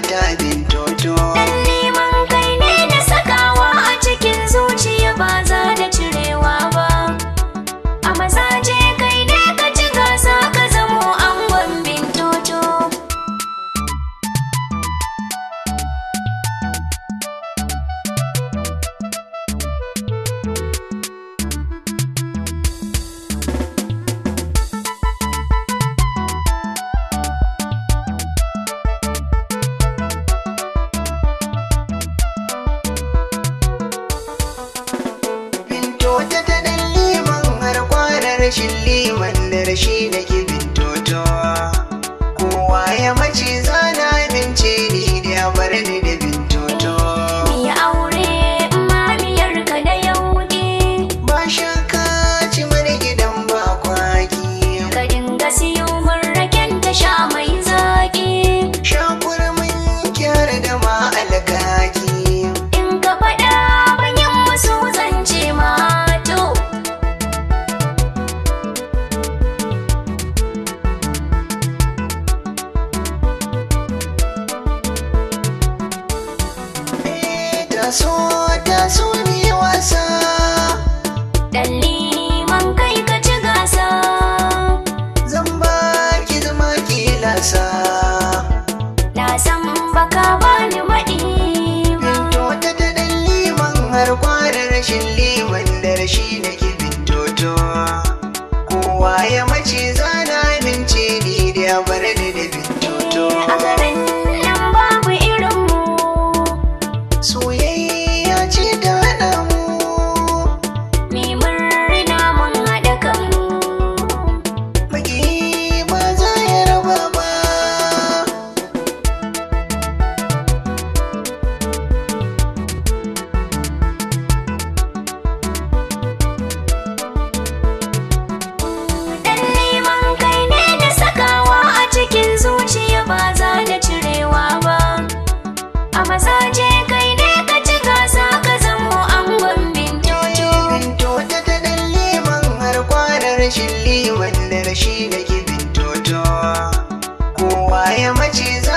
die, die. rashin liman da rashi da ke kowa ya mace ta suna wanda rashi da ke bin toto kowa ya mace za